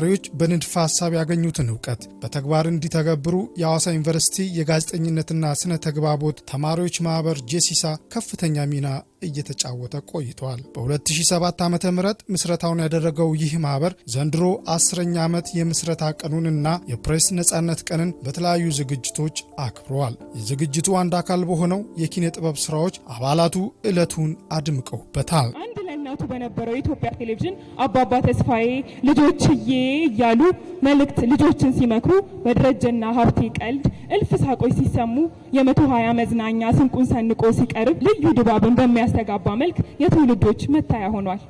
ተማሪዎች በንድፈ ሐሳብ ያገኙትን እውቀት በተግባር እንዲተገብሩ የአዋሳ ዩኒቨርሲቲ የጋዜጠኝነትና ስነ ተግባቦት ተማሪዎች ማኅበር ጄሲሳ ከፍተኛ ሚና እየተጫወተ ቆይቷል። በ2007 ዓ ም ምስረታውን ያደረገው ይህ ማህበር ዘንድሮ አስረኛ ዓመት የምስረታ ቀኑንና የፕሬስ ነጻነት ቀንን በተለያዩ ዝግጅቶች አክብረዋል። የዝግጅቱ አንድ አካል በሆነው የኪነ ጥበብ ስራዎች አባላቱ ዕለቱን አድምቀውበታል። አንድ ለእናቱ በነበረው የኢትዮጵያ ቴሌቪዥን አባባ ተስፋዬ ልጆችዬ እያሉ መልእክት ልጆችን ሲመክሩ በደረጀና ሀብቴ ቀልድ እልፍ ሳቆች ሲሰሙ የመቶ ሃያ መዝናኛ ስንቁን ሰንቆ ሲቀርብ ልዩ ድባብን በሚያ በሚያስተጋባ መልክ የትውልዶች መታያ ሆኗል።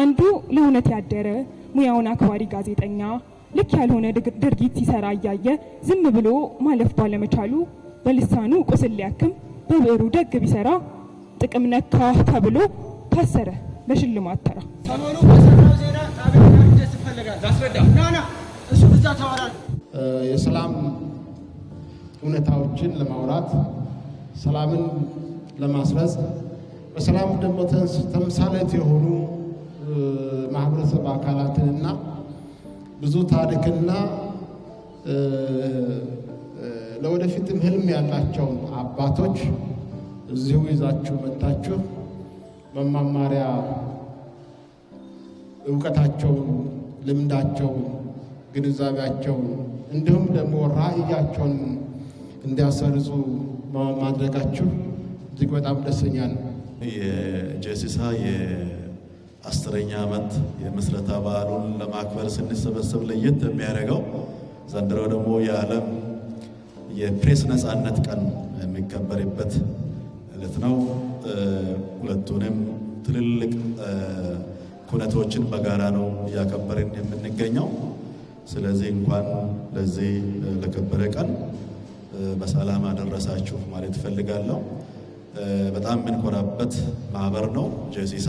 አንዱ ለእውነት ያደረ ሙያውን አክባሪ ጋዜጠኛ ልክ ያልሆነ ድርጊት ሲሰራ እያየ ዝም ብሎ ማለፍ ባለመቻሉ በልሳኑ ቁስል ሊያክም በብዕሩ ደግ ቢሰራ ጥቅም ነካ ተብሎ ታሰረ በሽልማት ተራ። የሰላም እውነታዎችን ለማውራት ሰላምን ለማስረጽ በሰላም ደግሞ ተምሳሌት የሆኑ ማህበረሰብ አካላትንና ብዙ ታሪክና ለወደፊትም ህልም ያላቸውን አባቶች እዚሁ ይዛችሁ መታችሁ መማማሪያ እውቀታቸውን፣ ልምዳቸውን፣ ግንዛቤያቸውን እንዲሁም ደግሞ ራዕያቸውን እንዲያሰርጹ ማድረጋችሁ እጅግ በጣም ደስተኛ ነው። የጀሲሳ የአስረኛ ዓመት የምስረታ በዓሉን ለማክበር ስንሰበሰብ ለየት የሚያደርገው ዘንድሮ ደግሞ የዓለም የፕሬስ ነፃነት ቀን የሚከበርበት እለት ነው። ሁለቱንም ትልልቅ ኩነቶችን በጋራ ነው እያከበርን የምንገኘው። ስለዚህ እንኳን ለዚህ ለከበረ ቀን በሰላም አደረሳችሁ ማለት እፈልጋለሁ። በጣም የምንኮራበት ማህበር ነው። ጀሲሳ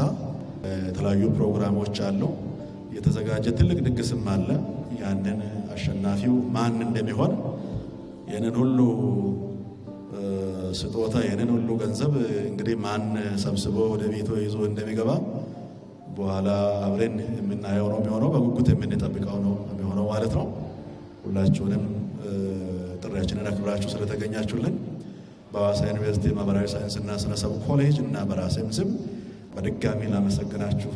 የተለያዩ ፕሮግራሞች አለው። የተዘጋጀ ትልቅ ድግስም አለ። ያንን አሸናፊው ማን እንደሚሆን ይህንን ሁሉ ስጦታ ይህንን ሁሉ ገንዘብ እንግዲህ ማን ሰብስቦ ወደ ቤቱ ይዞ እንደሚገባ በኋላ አብረን የምናየው ነው የሚሆነው። በጉጉት የምንጠብቀው ነው የሚሆነው ማለት ነው። ሁላችሁንም ጥሪያችንን አክብራችሁ ስለተገኛችሁልን በሐዋሳ ዩኒቨርሲቲ ማህበራዊ ሳይንስና ስነሰብ ኮሌጅ እና በራሴም ስም በድጋሚ ላመሰግናችሁ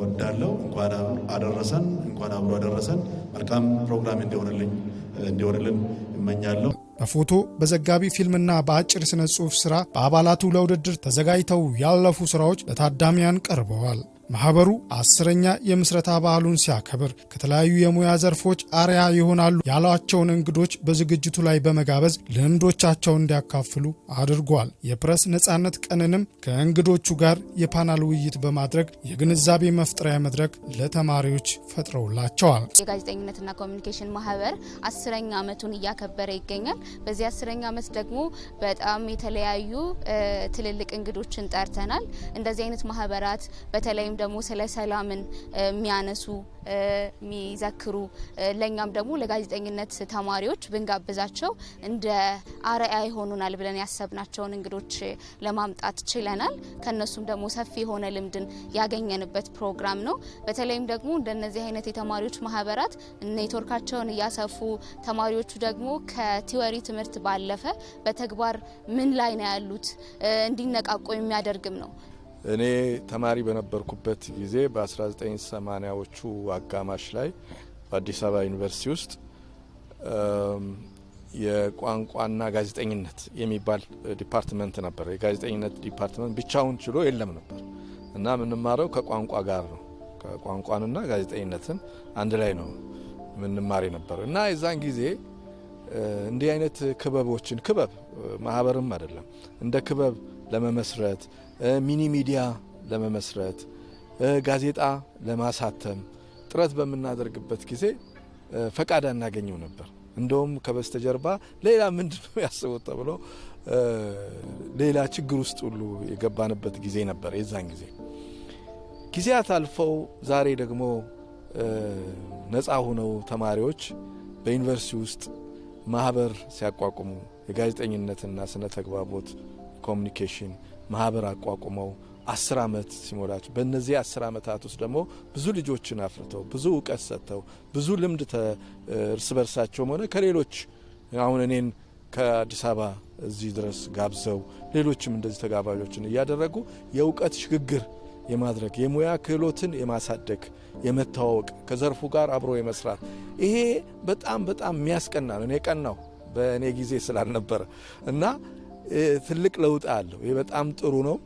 ወዳለው እንኳን አደረሰን፣ እንኳን አብሮ አደረሰን። መልካም ፕሮግራም እንዲሆንልኝ እንዲሆንልን እመኛለሁ። በፎቶ በዘጋቢ ፊልምና በአጭር ስነ ጽሑፍ ስራ በአባላቱ ለውድድር ተዘጋጅተው ያለፉ ስራዎች ለታዳሚያን ቀርበዋል። ማህበሩ አስረኛ የምስረታ በዓሉን ሲያከብር ከተለያዩ የሙያ ዘርፎች አርያ ይሆናሉ ያሏቸውን እንግዶች በዝግጅቱ ላይ በመጋበዝ ልምዶቻቸውን እንዲያካፍሉ አድርጓል። የፕረስ ነጻነት ቀንንም ከእንግዶቹ ጋር የፓናል ውይይት በማድረግ የግንዛቤ መፍጠሪያ መድረክ ለተማሪዎች ፈጥረውላቸዋል። የጋዜጠኝነትና ኮሚኒኬሽን ማህበር አስረኛ ዓመቱን እያከበረ ይገኛል። በዚህ አስረኛ ዓመት ደግሞ በጣም የተለያዩ ትልልቅ እንግዶችን ጠርተናል። እንደዚህ አይነት ማህበራት በተለይም ደግሞ ስለ ሰላምን የሚያነሱ የሚዘክሩ ለእኛም ደግሞ ለጋዜጠኝነት ተማሪዎች ብንጋብዛቸው እንደ አርአያ ይሆኑናል ብለን ያሰብናቸውን እንግዶች ለማምጣት ችለናል። ከነሱም ደግሞ ሰፊ የሆነ ልምድን ያገኘንበት ፕሮግራም ነው። በተለይም ደግሞ እንደነዚህ አይነት የተማሪዎች ማህበራት ኔትወርካቸውን እያሰፉ ተማሪዎቹ ደግሞ ከቲዎሪ ትምህርት ባለፈ በተግባር ምን ላይ ነው ያሉት እንዲነቃቁ የሚያደርግም ነው። እኔ ተማሪ በነበርኩበት ጊዜ በ1980ዎቹ አጋማሽ ላይ በአዲስ አበባ ዩኒቨርሲቲ ውስጥ የቋንቋና ጋዜጠኝነት የሚባል ዲፓርትመንት ነበር። የጋዜጠኝነት ዲፓርትመንት ብቻውን ችሎ የለም ነበር እና የምንማረው ከቋንቋ ጋር ነው። ከቋንቋንና ጋዜጠኝነትን አንድ ላይ ነው የምንማር ነበር እና የዛን ጊዜ እንዲህ አይነት ክበቦችን ክበብ ማህበርም አይደለም እንደ ክበብ ለመመስረት ሚኒ ሚዲያ ለመመስረት ጋዜጣ ለማሳተም ጥረት በምናደርግበት ጊዜ ፈቃድ አናገኘው ነበር። እንደውም ከበስተጀርባ ሌላ ምንድን ነው ያስቡት ተብሎ ሌላ ችግር ውስጥ ሁሉ የገባንበት ጊዜ ነበር። የዛን ጊዜ ጊዜያት አልፈው ዛሬ ደግሞ ነፃ ሆነው ተማሪዎች በዩኒቨርሲቲ ውስጥ ማህበር ሲያቋቁሙ የጋዜጠኝነትና ስነ ተግባቦት ኮሚኒኬሽን ማህበር አቋቁመው አስር ዓመት ሲሞላቸው በእነዚህ አስር ዓመታት ውስጥ ደግሞ ብዙ ልጆችን አፍርተው ብዙ እውቀት ሰጥተው ብዙ ልምድ እርስ በርሳቸውም ሆነ ከሌሎች አሁን እኔን ከአዲስ አበባ እዚህ ድረስ ጋብዘው ሌሎችም እንደዚህ ተጋባዦችን እያደረጉ የእውቀት ሽግግር የማድረግ የሙያ ክህሎትን የማሳደግ የመተዋወቅ ከዘርፉ ጋር አብሮ የመስራት ይሄ በጣም በጣም የሚያስቀና ነው። እኔ ቀናው በእኔ ጊዜ ስላልነበረ እና ትልቅ ለውጥ አለው። ይህ በጣም ጥሩ ነው፣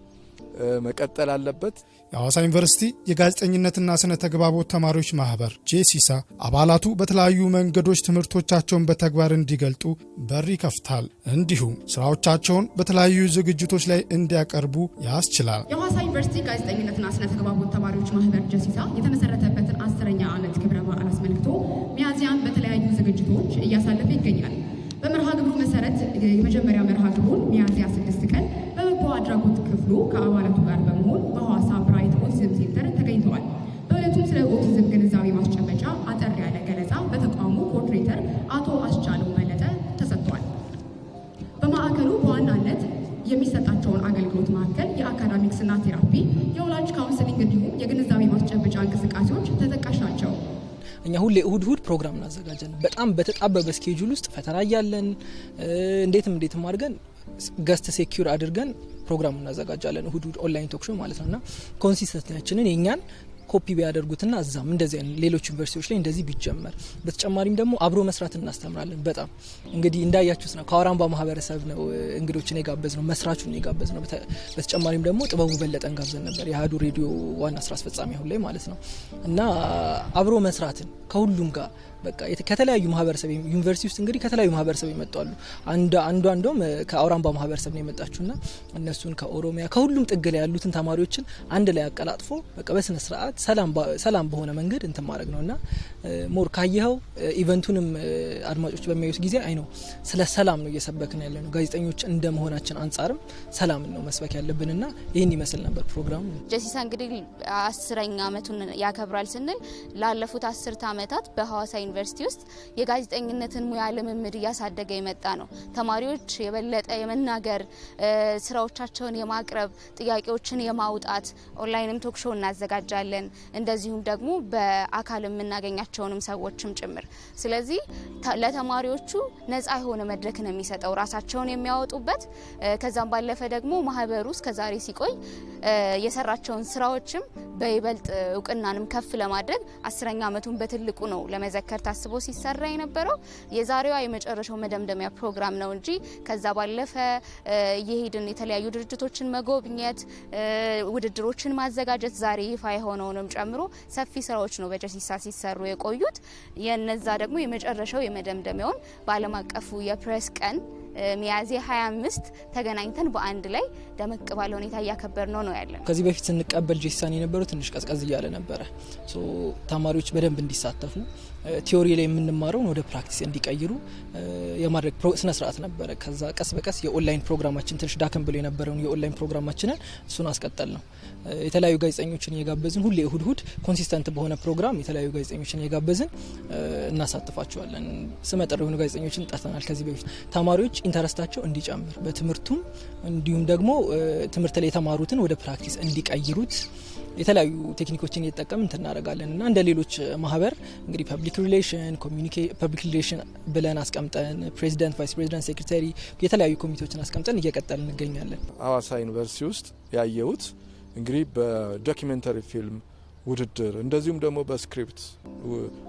መቀጠል አለበት። የሐዋሳ ዩኒቨርሲቲ የጋዜጠኝነትና ስነ ተግባቦት ተማሪዎች ማህበር ጄሲሳ አባላቱ በተለያዩ መንገዶች ትምህርቶቻቸውን በተግባር እንዲገልጡ በር ይከፍታል። እንዲሁም ስራዎቻቸውን በተለያዩ ዝግጅቶች ላይ እንዲያቀርቡ ያስችላል። የሐዋሳ ዩኒቨርሲቲ ጋዜጠኝነትና ስነ ተግባቦት ተማሪዎች ማህበር ጄሲሳ የተመሰረተበትን አስረኛ ዓመት ክብረ በዓል አስመልክቶ ሚያዚያን በተለያዩ ዝግጅቶች እያሳለፈ ይገኛል። የመጀመሪያ መርሃ ግብሩን ሚያዝያ 6 ቀን በበጎ አድራጎት ክፍሉ ከአባላቱ ጋር በመሆን በሐዋሳ ብራይት ኦቲዝም ሴንተር ተገኝተዋል። በዕለቱም ስለ ኦቲዝም ግንዛቤ ማስጨበጫ አጠር ያለ ገለጻ በተቋሙ ኮርዲኔተር አቶ አስቻለው መለጠ ተሰጥቷል። በማዕከሉ በዋናነት የሚሰጣቸውን አገልግሎት መካከል የአካዳሚክስና ቴራፒ፣ የወላጅ ካውንስሊንግ እንዲሁም የግንዛቤ ማስጨበጫ እንቅስቃሴዎች ተጠቃሽ ናቸው። እኛ ሁሌ እሁድ እሁድ ፕሮግራም እናዘጋጃለን። በጣም በተጣበበ ስኬጁል ውስጥ ፈተና እያለን እንዴትም እንዴትም አድርገን ገስት ሴኪር አድርገን ፕሮግራም እናዘጋጃለን። እሁድ እሁድ ኦንላይን ቶክሾ ማለት ነው እና ኮንሲስተንታችንን የእኛን ኮፒ ቢያደርጉትና እዛም እንደዚህ ሌሎች ዩኒቨርሲቲዎች ላይ እንደዚህ ቢጀመር፣ በተጨማሪም ደግሞ አብሮ መስራት እናስተምራለን። በጣም እንግዲህ እንዳያችሁት ነው። ከአውራምባ ማህበረሰብ ነው እንግዶችን የጋበዝ ነው፣ መስራቹን የጋበዝ ነው። በተጨማሪም ደግሞ ጥበቡ በለጠን ጋብዘን ነበር፣ የአህዱ ሬዲዮ ዋና ስራ አስፈጻሚ አሁን ላይ ማለት ነው። እና አብሮ መስራትን ከሁሉም ጋር በቃ ከተለያዩ ማህበረሰብ ዩኒቨርሲቲ ውስጥ እንግዲህ ከተለያዩ ማህበረሰብ ይመጣሉ። አንዷ እንደውም ከአውራምባ ማህበረሰብ ነው የመጣችሁና እነሱን ከኦሮሚያ ከሁሉም ጥግ ላይ ያሉትን ተማሪዎችን አንድ ላይ አቀላጥፎ በቃ በስነ ስርዓት ሰላም በሆነ መንገድ እንትን ማድረግ ነውና ሞር ካየኸው ኢቨንቱንም አድማጮች በሚያዩት ጊዜ አይ ነው ስለ ሰላም ነው እየሰበክን ያለ ነው። ጋዜጠኞች እንደ መሆናችን አንጻርም ሰላም ነው መስበክ ያለብንና ይህን ይመስል ነበር ፕሮግራሙ። ጀሲሳ እንግዲህ አስረኛ አመቱን ያከብራል ስንል ላለፉት አስርት አመታት በሀዋሳ ዩኒቨርሲቲ ውስጥ የጋዜጠኝነትን ሙያ ልምምድ እያሳደገ የመጣ ነው። ተማሪዎች የበለጠ የመናገር ስራዎቻቸውን የማቅረብ ጥያቄዎችን የማውጣት ኦንላይንም ቶክሾ እናዘጋጃለን። እንደዚሁም ደግሞ በአካል የምናገኛቸውንም ሰዎችም ጭምር። ስለዚህ ለተማሪዎቹ ነጻ የሆነ መድረክ ነው የሚሰጠው ራሳቸውን የሚያወጡበት ከዛም ባለፈ ደግሞ ማህበሩ እስከዛሬ ሲቆይ የሰራቸውን ስራዎችም በይበልጥ እውቅናንም ከፍ ለማድረግ አስረኛ ዓመቱን በትልቁ ነው ለመዘከር ታስቦ ሲሰራ የነበረው የዛሬዋ የመጨረሻው መደምደሚያ ፕሮግራም ነው እንጂ ከዛ ባለፈ እየሄድን የተለያዩ ድርጅቶችን መጎብኘት፣ ውድድሮችን ማዘጋጀት ዛሬ ይፋ የሆነውንም ጨምሮ ሰፊ ስራዎች ነው በጀሲሳ ሲሰሩ የቆዩት። የነዛ ደግሞ የመጨረሻው የመደምደሚያውን በዓለም አቀፉ የፕሬስ ቀን ሚያዝያ 25 ተገናኝተን በአንድ ላይ ደመቅ ባለ ሁኔታ እያከበር ነው ነው ያለን። ከዚህ በፊት ስንቀበል ጄሲሳን የነበረው ትንሽ ቀዝቀዝ እያለ ነበረ። ተማሪዎች በደንብ እንዲሳተፉ ቲዮሪ ላይ የምንማረውን ወደ ፕራክቲስ እንዲቀይሩ የማድረግ ስነ ስርዓት ነበረ። ከዛ ቀስ በቀስ የኦንላይን ፕሮግራማችን ትንሽ ዳከም ብሎ የነበረውን የኦንላይን ፕሮግራማችንን እሱን አስቀጠል ነው። የተለያዩ ጋዜጠኞችን እየጋበዝን ሁሌ እሁድ እሁድ ኮንሲስተንት በሆነ ፕሮግራም የተለያዩ ጋዜጠኞችን እየጋበዝን እናሳትፋቸዋለን። ስመጥር የሆኑ ጋዜጠኞችን ጠርተናል ከዚህ በፊት ተማሪዎች ኢንተረስታቸው እንዲጨምር በትምህርቱም እንዲሁም ደግሞ ትምህርት ላይ የተማሩትን ወደ ፕራክቲስ እንዲቀይሩት የተለያዩ ቴክኒኮችን እየተጠቀም እንትን እናደርጋለን እና እንደ ሌሎች ማህበር እንግዲህ ፐብሊክ ሪሌሽን ፐብሊክ ሪሌሽን ብለን አስቀምጠን ፕሬዚደንት፣ ቫይስ ፕሬዚደንት፣ ሴክሬታሪ የተለያዩ ኮሚቴዎችን አስቀምጠን እየቀጠል እንገኛለን። ሀዋሳ ዩኒቨርሲቲ ውስጥ ያየሁት እንግዲህ በዶኪሜንተሪ ፊልም ውድድር እንደዚሁም ደግሞ በስክሪፕት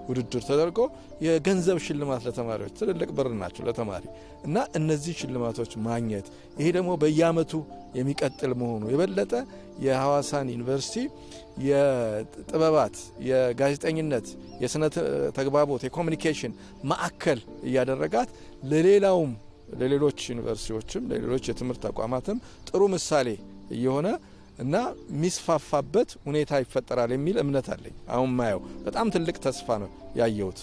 ውድድር ተደርጎ የገንዘብ ሽልማት ለተማሪዎች ትልልቅ ብር ናቸው ለተማሪ እና እነዚህ ሽልማቶች ማግኘት ይሄ ደግሞ በየአመቱ የሚቀጥል መሆኑ የበለጠ የሐዋሳን ዩኒቨርሲቲ የጥበባት፣ የጋዜጠኝነት፣ የስነ ተግባቦት፣ የኮሚኒኬሽን ማዕከል እያደረጋት ለሌላውም ለሌሎች ዩኒቨርሲቲዎችም ለሌሎች የትምህርት ተቋማትም ጥሩ ምሳሌ እየሆነ እና የሚስፋፋበት ሁኔታ ይፈጠራል የሚል እምነት አለኝ። አሁን ማየው በጣም ትልቅ ተስፋ ነው ያየሁት።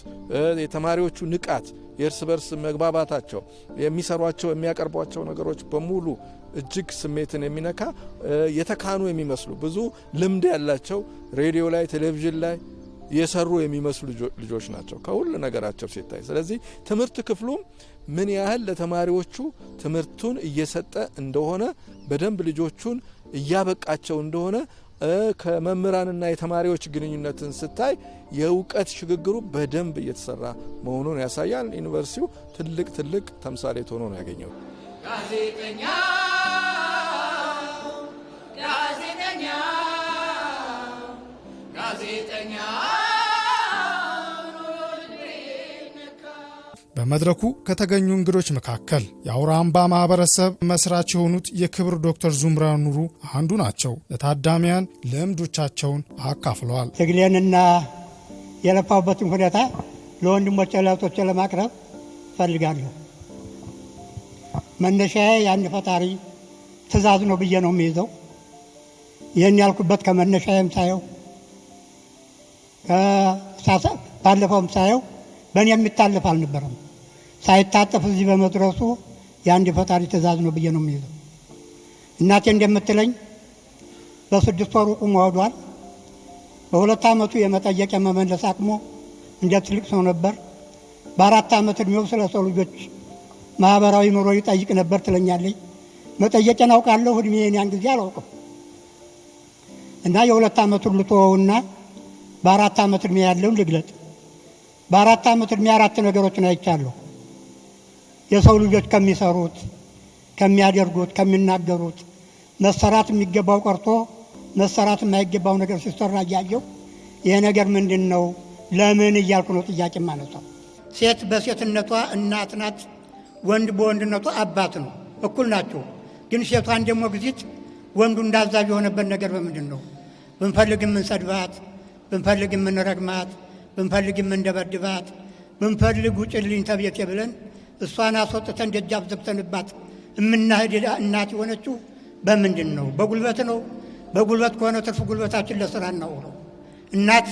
የተማሪዎቹ ንቃት፣ የእርስ በርስ መግባባታቸው፣ የሚሰሯቸው የሚያቀርቧቸው ነገሮች በሙሉ እጅግ ስሜትን የሚነካ የተካኑ የሚመስሉ ብዙ ልምድ ያላቸው ሬዲዮ ላይ ቴሌቪዥን ላይ የሰሩ የሚመስሉ ልጆች ናቸው ከሁሉ ነገራቸው ሲታይ። ስለዚህ ትምህርት ክፍሉም ምን ያህል ለተማሪዎቹ ትምህርቱን እየሰጠ እንደሆነ በደንብ ልጆቹን እያበቃቸው እንደሆነ ከመምህራንና የተማሪዎች ግንኙነትን ስታይ የእውቀት ሽግግሩ በደንብ እየተሰራ መሆኑን ያሳያል። ዩኒቨርሲቲው ትልቅ ትልቅ ተምሳሌት ሆኖ ነው ያገኘው። ጋዜጠኛ ጋዜጠኛ ጋዜጠኛ በመድረኩ ከተገኙ እንግዶች መካከል የአውራምባ ማህበረሰብ መስራች የሆኑት የክብር ዶክተር ዙምራ ኑሩ አንዱ ናቸው። ለታዳሚያን ልምዶቻቸውን አካፍለዋል። ትግሌንና የለፋሁበትን ሁኔታ ለወንድሞች ለእህቶቼ ለማቅረብ እፈልጋለሁ። መነሻዬ ያን ፈጣሪ ትእዛዝ ነው ብዬ ነው የሚይዘው። ይህን ያልኩበት ከመነሻዬም ሳየው ባለፈውም ሳየው በእኔ የሚታለፍ አልነበረም። ሳይታጠፍ እዚህ በመድረሱ የአንድ የፈጣሪ ትእዛዝ ነው ብዬ ነው የሚይዘው። እናቴ እንደምትለኝ በስድስት ወሩ ቁሞ ወዷል። በሁለት ዓመቱ የመጠየቅ የመመለስ አቅሞ እንደ ትልቅ ሰው ነበር። በአራት ዓመት እድሜው ስለ ሰው ልጆች ማህበራዊ ኑሮ ይጠይቅ ነበር ትለኛለኝ። መጠየቄን አውቃለሁ፣ ዕድሜን ያን ጊዜ አላውቅም እና የሁለት ዓመቱን ልትወውና በአራት ዓመት እድሜ ያለውን ልግለጥ በአራት ዓመት ዕድሜ አራት ነገሮችን አይቻለሁ። የሰው ልጆች ከሚሰሩት፣ ከሚያደርጉት፣ ከሚናገሩት መሰራት የሚገባው ቀርቶ መሰራት የማይገባው ነገር ሲሰራ እያየው ይሄ ነገር ምንድን ነው ለምን እያልኩ ነው ጥያቄ ማነሳው። ሴት በሴትነቷ እናት ናት፣ ወንድ በወንድነቱ አባት ነው። እኩል ናቸው። ግን ሴቷን ደግሞ ጊዜት ወንዱ እንዳዛዥ የሆነበት ነገር በምንድን ነው? ብንፈልግ የምንሰድባት፣ ብንፈልግ የምንረግማት ብንፈልግ የምንደበድባት ብንፈልግ ውጭልኝ ተቤቴ ብለን እሷን አስወጥተን ደጃፍ ዘግተንባት የምናሄድ እናት የሆነችው በምንድን ነው? በጉልበት ነው። በጉልበት ከሆነ ትርፍ ጉልበታችን ለስራ እናውለው። እናት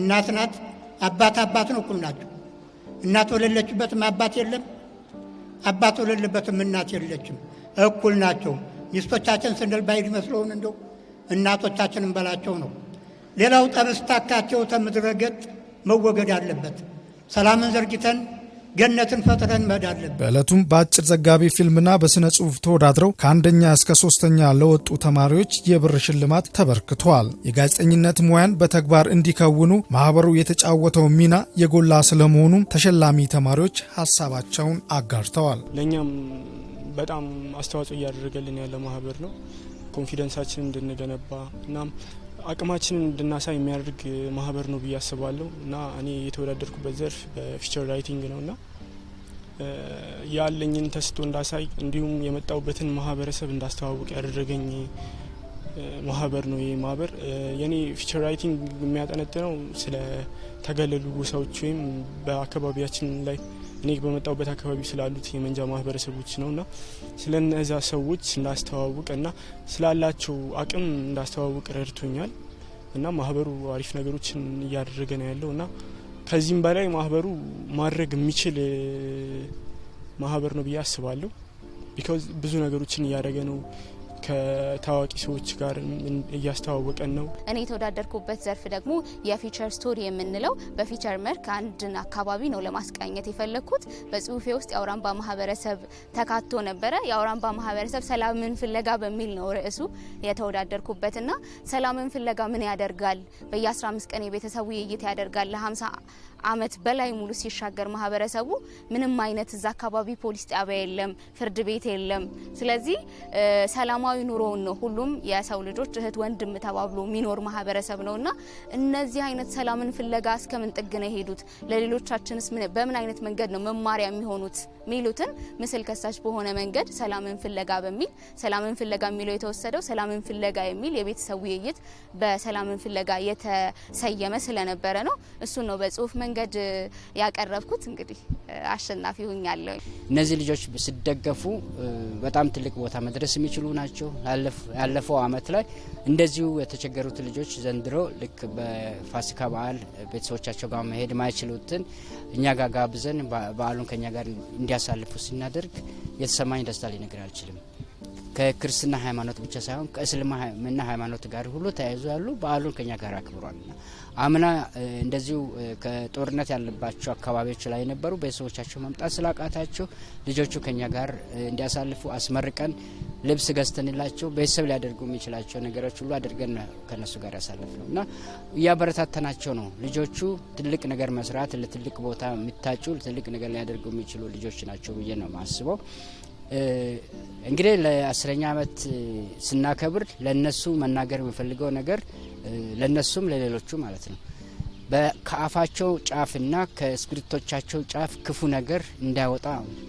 እናት ናት። አባት አባት ነው። እኩል ናቸው። እናት ወለለችበትም አባት የለም፣ አባት ወለለበትም እናት የለችም። እኩል ናቸው። ሚስቶቻችን ስንል ባይድ መስለውን እንደው እናቶቻችን እንበላቸው ነው። ሌላው ጠብስታካቸው ተምድረገጥ መወገድ አለበት። ሰላምን ዘርግተን ገነትን ፈጥረን መሄድ አለብን። በዕለቱም በአጭር ዘጋቢ ፊልምና በሥነ ጽሑፍ ተወዳድረው ከአንደኛ እስከ ሶስተኛ ለወጡ ተማሪዎች የብር ሽልማት ተበርክቷል። የጋዜጠኝነት ሙያን በተግባር እንዲከውኑ ማኅበሩ የተጫወተው ሚና የጎላ ስለመሆኑም ተሸላሚ ተማሪዎች ሀሳባቸውን አጋርተዋል። ለእኛም በጣም አስተዋጽኦ እያደረገልን ያለ ማኅበር ነው። ኮንፊደንሳችን እንድንገነባ እናም አቅማችንን እንድናሳይ የሚያደርግ ማህበር ነው ብዬ አስባለሁ እና እኔ የተወዳደርኩበት ዘርፍ በፊቸር ራይቲንግ ነው እና ያለኝን ተስጦ እንዳሳይ እንዲሁም የመጣውበትን ማህበረሰብ እንዳስተዋውቅ ያደረገኝ ማህበር ነው። ይህ ማህበር የኔ ፊቸር ራይቲንግ የሚያጠነጥነው ስለ ተገለሉ ጎሳዎች ወይም በአካባቢያችን ላይ እኔ በመጣውበት አካባቢ ስላሉት የመንጃ ማህበረሰቦች ነውና ስለነዛ ሰዎች እንዳስተዋውቅና ስላላቸው አቅም እንዳስተዋውቅ ረድቶኛል እና ማህበሩ አሪፍ ነገሮችን እያደረገ ነው ያለው እና ከዚህም በላይ ማህበሩ ማድረግ የሚችል ማህበር ነው ብዬ አስባለሁ። ቢካ ብዙ ነገሮችን እያደረገ ነው። ከታዋቂ ሰዎች ጋር እያስተዋወቀን ነው። እኔ የተወዳደርኩበት ዘርፍ ደግሞ የፊቸር ስቶሪ የምንለው በፊቸር መልክ አንድን አካባቢ ነው ለማስቃኘት የፈለግኩት። በጽሁፌ ውስጥ የአውራምባ ማህበረሰብ ተካቶ ነበረ። የአውራምባ ማህበረሰብ ሰላምን ፍለጋ በሚል ነው ርዕሱ የተወዳደርኩበት እና ሰላምን ፍለጋ ምን ያደርጋል በየ15 ቀን የቤተሰቡ ውይይት ያደርጋል ለ50 አመት በላይ ሙሉ ሲሻገር ማህበረሰቡ ምንም አይነት እዛ አካባቢ ፖሊስ ጣቢያ የለም፣ ፍርድ ቤት የለም። ስለዚህ ሰላማዊ ኑሮውን ነው ሁሉም የሰው ልጆች እህት ወንድም ተባብሎ የሚኖር ማህበረሰብ ነውና እነዚህ አይነት ሰላምን ፍለጋ እስከምን ጥግ ነው የሄዱት? ለሌሎቻችንስ በምን አይነት መንገድ ነው መማሪያ የሚሆኑት? ሚሉትን ምስል ከሳች በሆነ መንገድ ሰላምን ፍለጋ በሚል ሰላምን ፍለጋ የሚለው የተወሰደው ሰላምን ፍለጋ የሚል የቤተሰብ ውይይት በሰላምን ፍለጋ የተሰየመ ስለነበረ ነው። እሱን ነው በጽሁፍ መንገድ ያቀረብኩት እንግዲህ አሸናፊ ሁኛለሁ። እነዚህ ልጆች ሲደገፉ በጣም ትልቅ ቦታ መድረስ የሚችሉ ናቸው። ያለፈው አመት ላይ እንደዚሁ የተቸገሩት ልጆች ዘንድሮ ልክ በፋሲካ በዓል ቤተሰቦቻቸው ጋር መሄድ ማይችሉትን እኛ ጋር ጋብዘን በዓሉን ከኛ ጋር እንዲያሳልፉ ሲናደርግ የተሰማኝ ደስታ ሊነግር አልችልም። ከክርስትና ሃይማኖት ብቻ ሳይሆን ከእስልምና ሃይማኖት ጋር ሁሉ ተያይዞ ያሉ በዓሉን ከኛ ጋር አክብሯልና አምና እንደዚሁ ከጦርነት ያለባቸው አካባቢዎች ላይ የነበሩ ቤተሰቦቻቸው መምጣት ስላቃታቸው ልጆቹ ከኛ ጋር እንዲያሳልፉ አስመርቀን ልብስ ገዝተንላቸው ቤተሰብ ሊያደርጉ የሚችላቸው ነገሮች ሁሉ አድርገን ከነሱ ጋር ያሳልፍ ነው እና እያበረታተናቸው ነው። ልጆቹ ትልቅ ነገር መስራት፣ ለትልቅ ቦታ የሚታጩ ትልቅ ነገር ሊያደርጉ የሚችሉ ልጆች ናቸው ብዬ ነው ማስበው። እንግዲህ ለአስረኛ ዓመት ስናከብር ለነሱ መናገር የምፈልገው ነገር ለነሱም ለሌሎቹ ማለት ነው ከአፋቸው ጫፍና ከእስክሪቶቻቸው ጫፍ ክፉ ነገር እንዳይወጣ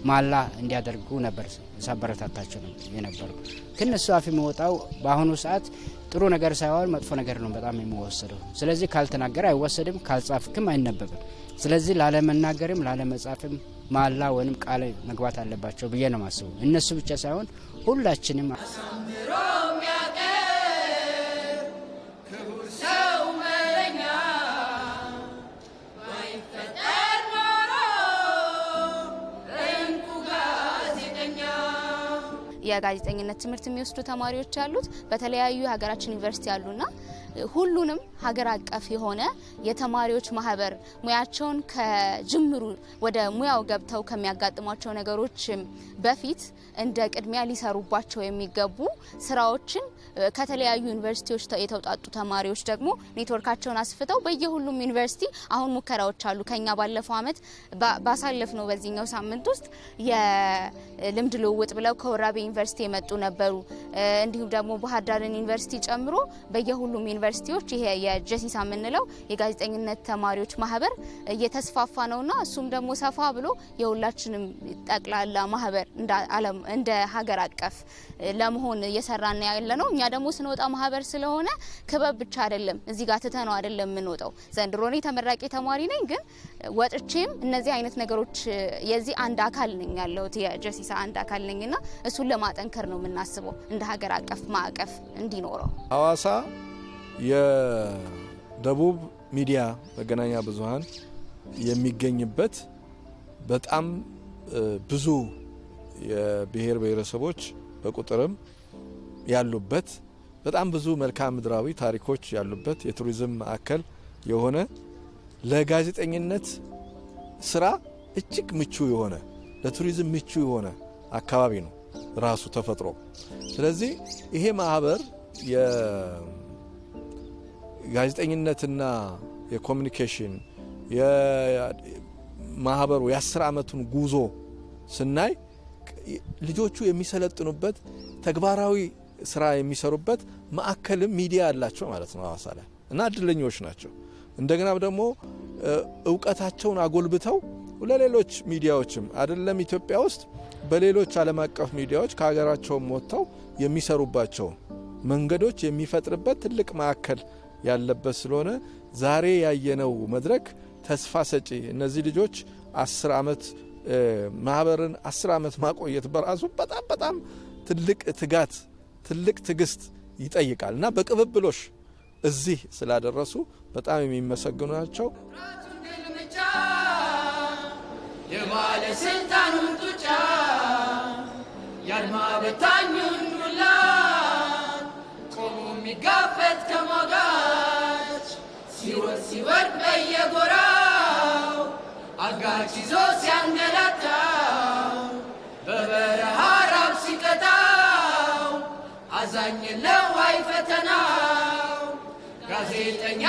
ማላ እንዲያደርጉ ነበር ሳበረታታቸው የነበሩ። ከነሱ አፍ የሚወጣው በአሁኑ ሰዓት ጥሩ ነገር ሳይሆን መጥፎ ነገር ነው በጣም የሚወሰደው። ስለዚህ ካልተናገረ አይወሰድም፣ ካልጻፍክም አይነበብም። ስለዚህ ላለመናገርም ላለመጻፍም ማላ ወይም ቃል መግባት አለባቸው ብዬ ነው ማስቡ። እነሱ ብቻ ሳይሆን ሁላችንም የጋዜጠኝነት ትምህርት የሚወስዱ ተማሪዎች ያሉት በተለያዩ የሀገራችን ዩኒቨርሲቲ ያሉና ሁሉንም ሀገር አቀፍ የሆነ የተማሪዎች ማህበር ሙያቸውን ከጅምሩ ወደ ሙያው ገብተው ከሚያጋጥሟቸው ነገሮች በፊት እንደ ቅድሚያ ሊሰሩባቸው የሚገቡ ስራዎችን ከተለያዩ ዩኒቨርሲቲዎች የተውጣጡ ተማሪዎች ደግሞ ኔትወርካቸውን አስፍተው በየሁሉም ዩኒቨርሲቲ አሁን ሙከራዎች አሉ። ከኛ ባለፈው አመት ባሳለፍ ነው በዚህኛው ሳምንት ውስጥ የልምድ ልውውጥ ብለው ከወራቤ ዩኒቨርሲቲ የመጡ ነበሩ። እንዲሁም ደግሞ ባህር ዩኒቨርሲቲ ጨምሮ በየሁሉም ዩኒቨርሲቲዎች ይሄ የጀሲሳ የምንለው የጋዜጠኝነት ተማሪዎች ማህበር እየተስፋፋ ነውና እሱም ደግሞ ሰፋ ብሎ የሁላችንም ጠቅላላ ማህበር እንደ ሀገር አቀፍ ለመሆን እየሰራና ያለ ነው። እኛ ደግሞ ስንወጣ ማህበር ስለሆነ ክበብ ብቻ አይደለም፣ እዚህ ጋር ትተነው አይደለም የምንወጣው። ዘንድሮ እኔ ተመራቂ ተማሪ ነኝ፣ ግን ወጥቼም እነዚህ አይነት ነገሮች የዚህ አንድ አካል ነኝ ያለሁት የጀሲሳ አንድ አካል ነኝና እሱን ለማጠንከር ነው የምናስበው እንደ ሀገር አቀፍ ማዕቀፍ እንዲኖረው ሀዋሳ የደቡብ ሚዲያ መገናኛ ብዙሀን የሚገኝበት በጣም ብዙ የብሔር ብሔረሰቦች በቁጥርም ያሉበት በጣም ብዙ መልክዓ ምድራዊ ታሪኮች ያሉበት የቱሪዝም ማዕከል የሆነ ለጋዜጠኝነት ስራ እጅግ ምቹ የሆነ ለቱሪዝም ምቹ የሆነ አካባቢ ነው ራሱ ተፈጥሮ። ስለዚህ ይሄ ማህበር ጋዜጠኝነትና የኮሚኒኬሽን የማህበሩ የአስር ዓመቱን ጉዞ ስናይ ልጆቹ የሚሰለጥኑበት ተግባራዊ ስራ የሚሰሩበት ማዕከልም ሚዲያ አላቸው ማለት ነው ሐዋሳ ላይ እና እድለኞች ናቸው። እንደገና ደግሞ እውቀታቸውን አጎልብተው ለሌሎች ሚዲያዎችም አይደለም ኢትዮጵያ ውስጥ በሌሎች ዓለም አቀፍ ሚዲያዎች ከሀገራቸውም ወጥተው የሚሰሩባቸው መንገዶች የሚፈጥርበት ትልቅ ማዕከል ያለበት ስለሆነ ዛሬ ያየነው መድረክ ተስፋ ሰጪ እነዚህ ልጆች አስር ዓመት ማህበርን አስር ዓመት ማቆየት በራሱ በጣም በጣም ትልቅ ትጋት ትልቅ ትዕግስት ይጠይቃል እና በቅብብሎሽ እዚህ ስላደረሱ በጣም የሚመሰግኑ ናቸው። የባለስልጣኑን ጡጫ ያድማ በታኙን ዱላ ቆሙ የሚጋፈት ከሞጋ ሲወር ሲወድ በየጎራው አጋች ይዞ ሲያንገላታው በበረሃ ራብ ሲቀጣው አዛኝለው አይፈተናው ጋዜጠኛ